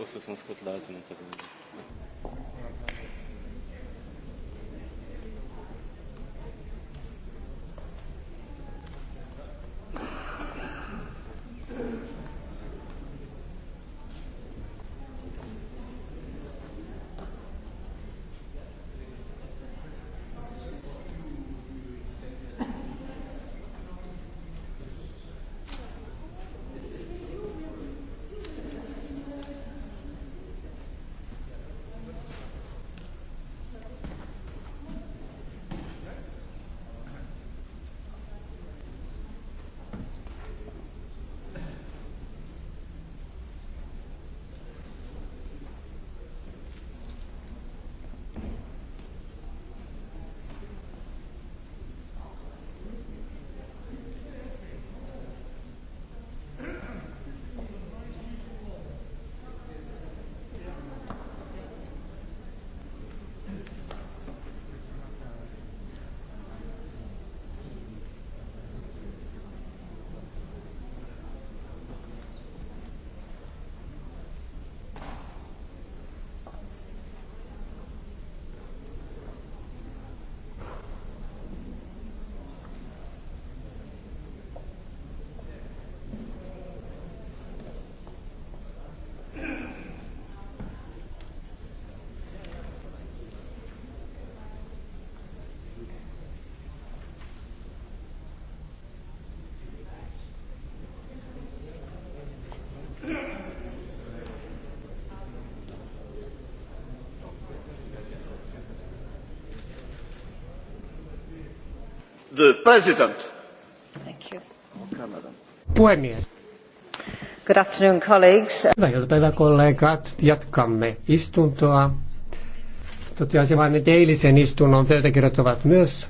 o să sunt Puhemies. Hyvää iltapäivää kollegat. Jatkamme istuntoa. Toteaisin vain, että eilisen istunnon pöytäkirjat ovat myös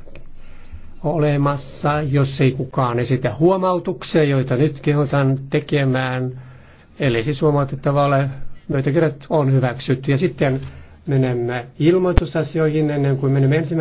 olemassa, jos ei kukaan esitä huomautuksia, joita nyt kehotan tekemään. Eli siis huomautettavalle pöytäkirjat on hyväksytty. Ja sitten menemme ilmoitusasioihin ennen kuin menemme ensimmäiseen.